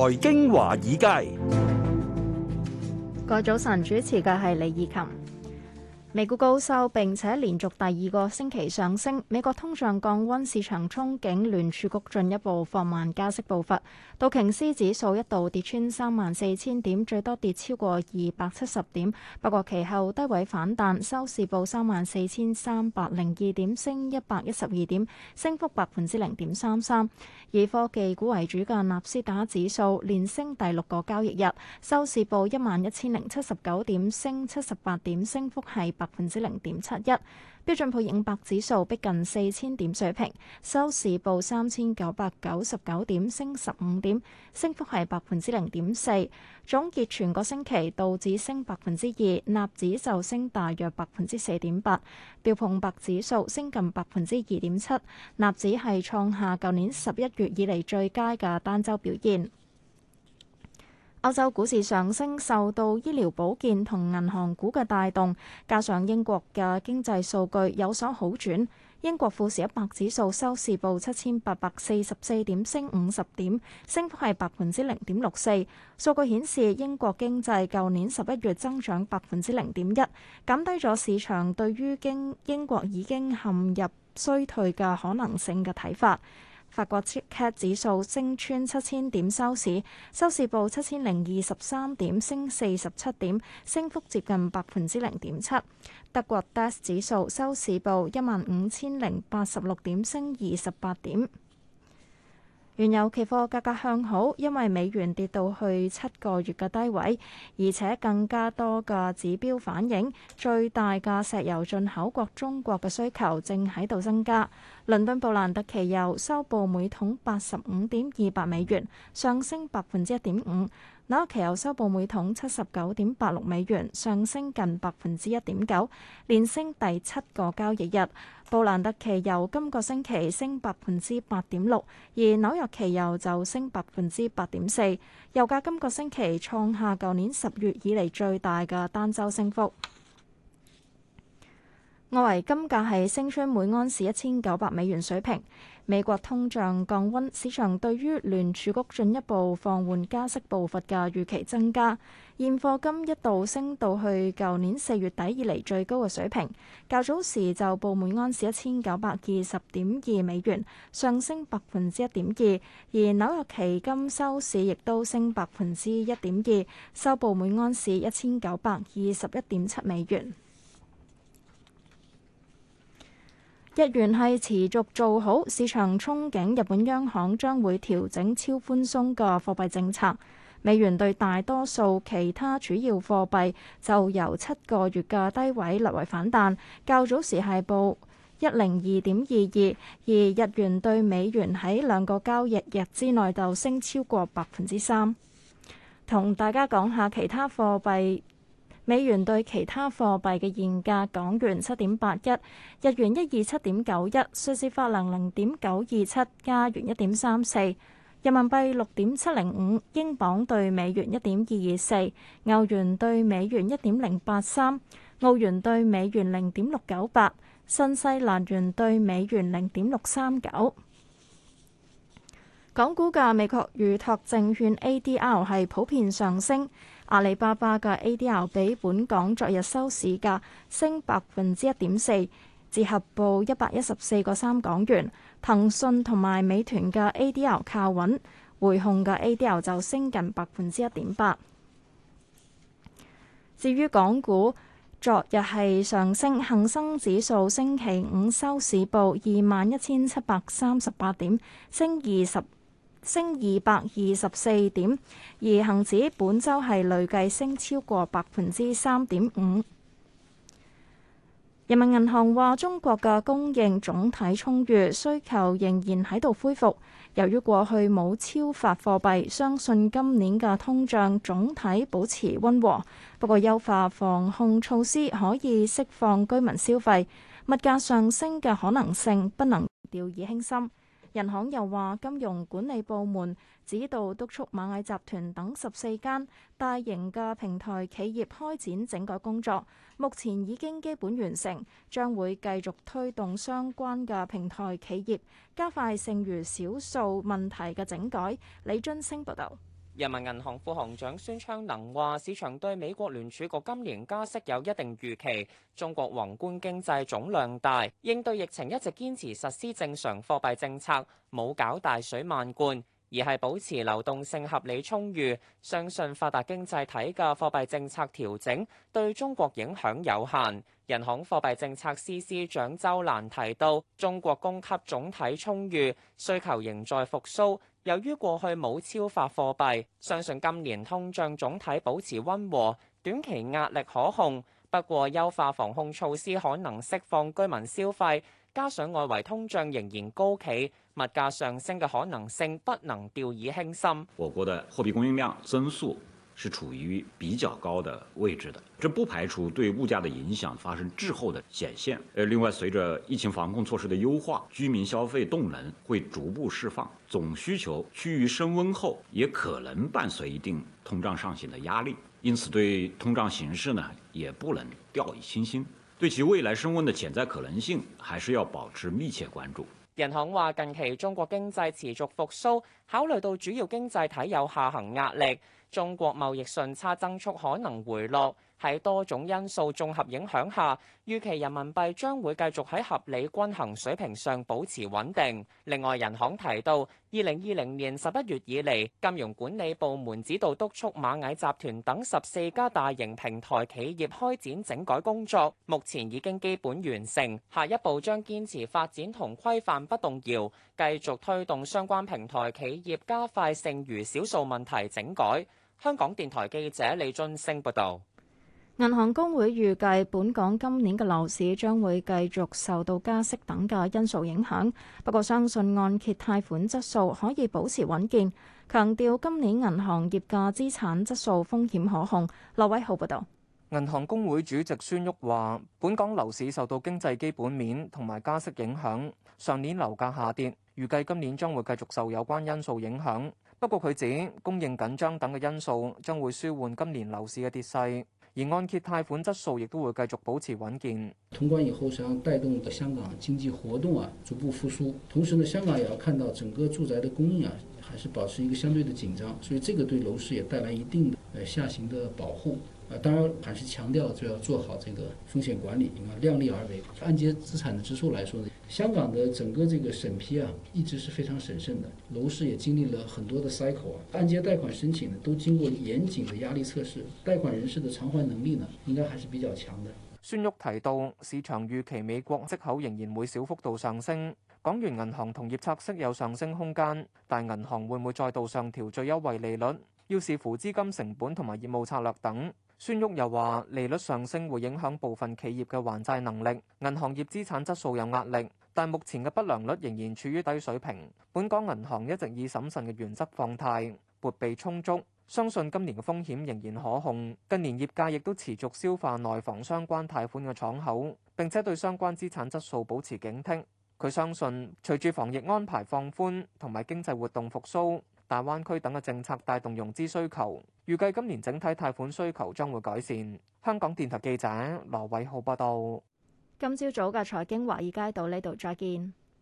財經華爾街，今早晨主持嘅係李義琴。美股高收，並且連續第二個星期上升。美國通脹降溫，市場憧憬聯儲局進一步放慢加息步伐。道瓊斯指數一度跌穿三萬四千點，最多跌超過二百七十點，不過其後低位反彈，收市報三萬四千三百零二點，升一百一十二點，升幅百分之零點三三。以科技股為主嘅納斯達克指數連升第六個交易日，收市報一萬一千零七十九點，升，升七十八點，升幅係百分之零點七一。標準普爾五百指數逼近四千點水平，收市報三千九百九十九點，升十五點，升幅係百分之零點四。總結全個星期，道指升百分之二，納指就升大約百分之四點八，標普五百指數升近百分之二點七，納指係創下舊年十一月以嚟最佳嘅單周表現。歐洲股市上升，受到醫療保健同銀行股嘅帶動，加上英國嘅經濟數據有所好轉，英國富時一百指數收市報七千八百四十四點，升五十點，升幅係百分之零點六四。數據顯示，英國經濟舊年十一月增長百分之零點一，減低咗市場對於經英國已經陷入衰退嘅可能性嘅睇法。法國 CAC 指數升穿七千點收市，收市報七千零二十三點，升四十七點，升幅接近百分之零點七。德國 DAX 指數收市報一萬五千零八十六點，升二十八點。原油期貨價格向好，因為美元跌到去七個月嘅低位，而且更加多嘅指標反映最大嘅石油進口國中國嘅需求正喺度增加。倫敦布蘭特期油收報每桶八十五點二百美元，上升百分之一點五。紐約期油收報每桶七十九點八六美元，上升近百分之一點九，連升第七個交易日。布蘭特期油今個星期升百分之八點六，而紐約期油就升百分之八點四。油價今個星期創下舊年十月以嚟最大嘅單周升幅。外圍金價係升穿每安士一千九百美元水平。美國通脹降溫，市場對於聯儲局進一步放緩加息步伐嘅預期增加，現貨金一度升到去舊年四月底以嚟最高嘅水平。較早時就報每安士一千九百二十點二美元，上升百分之一點二。而紐約期金收市亦都升百分之一點二，收報每安士一千九百二十一點七美元。日元係持續做好，市場憧憬日本央行將會調整超寬鬆嘅貨幣政策。美元對大多數其他主要貨幣就由七個月嘅低位略為反彈，較早時係報一零二點二二，而日元對美元喺兩個交易日之內就升超過百分之三。同大家講下其他貨幣。美元兌其他貨幣嘅現價：港元七點八一，日元一二七點九一，瑞士法郎零點九二七，加元一點三四，人民幣六點七零五，英鎊對美元一點二二四，歐元對美元一點零八三，澳元對美元零點六九八，新西蘭元對美元零點六三九。港股嘅美國預託證券 ADR 係普遍上升。阿里巴巴嘅 A.D.L. 比本港昨日收市價升百分之一點四，折合報一百一十四個三港元。騰訊同埋美團嘅 A.D.L. 靠穩，匯控嘅 A.D.L. 就升近百分之一點八。至於港股，昨日係上升，恒生指數星期五收市報二萬一千七百三十八點，升二十，升二百二十四點，而恒指本周係累計升超過百分之三點五。人民銀行話，中國嘅供應總體充裕，需求仍然喺度恢復。由於過去冇超發貨幣，相信今年嘅通脹總體保持溫和。不過，優化防控措施可以釋放居民消費，物價上升嘅可能性不能掉以輕心。人行又話，金融管理部門指導督促螞蟻集團等十四間大型嘅平台企業開展整改工作，目前已經基本完成，將會繼續推動相關嘅平台企業加快剩餘少數問題嘅整改。李津星報道。人民銀行副行長孫昌能話，市場對美國聯儲局今年加息有一定預期。中國宏觀經濟總量大，應對疫情一直堅持實施正常貨幣政策，冇搞大水漫灌，而係保持流動性合理充裕。相信發達經濟體嘅貨幣政策調整對中國影響有限。人行貨幣政策司司長周蘭提到：中國供給總體充裕，需求仍在復蘇。由於過去冇超發貨幣，相信今年通脹總體保持溫和，短期壓力可控。不過，優化防控措施可能釋放居民消費，加上外圍通脹仍然高企，物價上升嘅可能性不能掉以輕心。我國的貨幣供應量增速是處於比較高的位置的，這不排除對物價的影響發生滯後的顯現。呃，另外，隨着疫情防控措施的優化，居民消費動能會逐步釋放，總需求趨於升温後也可能伴隨一定通脹上行的壓力。因此，對通脹形勢呢，也不能掉以輕心，對其未來升温的潛在可能性，還是要保持密切關注。人行話近期中國經濟持續復蘇，考慮到主要經濟體有下行壓力。中國貿易順差增速可能回落，喺多種因素綜合影響下，預期人民幣將會繼續喺合理均衡水平上保持穩定。另外，人行提到，二零二零年十一月以嚟，金融管理部門指導督促螞蟻集團等十四家大型平台企業開展整改工作，目前已經基本完成。下一步將堅持發展同規範不動搖，繼續推動相關平台企業加快剩餘少數問題整改。香港電台記者李俊升報道，銀行公會預計本港今年嘅樓市將會繼續受到加息等價因素影響，不過相信按揭貸款質素可以保持穩健，強調今年銀行業嘅資產質素風險可控。劉偉浩報道，銀行公會主席孫旭話，本港樓市受到經濟基本面同埋加息影響，上年樓價下跌，預計今年將會繼續受有關因素影響。不過佢指供應緊張等嘅因素將會舒緩今年樓市嘅跌勢，而按揭貸款質素亦都會繼續保持穩健。通關以後，實際上帶動香港經濟活動啊逐步復甦，同時呢，香港也要看到整個住宅的供應啊還是保持一個相對的緊張，所以這個對樓市也帶來一定的呃下行的保護。啊，當然還是強調就要做好這個風險管理，量力而為。按揭資產的支出來說呢，香港的整個這個審批啊，一直是非常審慎的。樓市也經歷了很多的 cycle 啊，按揭貸款申請呢，都經過嚴謹的壓力測試，貸款人士的償還能力呢，應該還是比較強的。孫旭提到，市場預期美國息口仍然會小幅度上升，港元銀行同業拆息有上升空間，但銀行會唔會再度上調最優惠利率，要視乎資金成本同埋業務策略等。孫旭又話：利率上升會影響部分企業嘅還債能力，銀行業資產質素有壓力，但目前嘅不良率仍然處於低水平。本港銀行一直以審慎嘅原則放貸，撥備充足，相信今年嘅風險仍然可控。近年業界亦都持續消化內房相關貸款嘅敞口，並且對相關資產質素保持警惕。佢相信，隨住防疫安排放寬同埋經濟活動復甦，大灣區等嘅政策帶動融資需求，預計今年整體貸款需求將會改善。香港電台記者羅偉浩報道。今朝早嘅財經華爾街到呢度再見。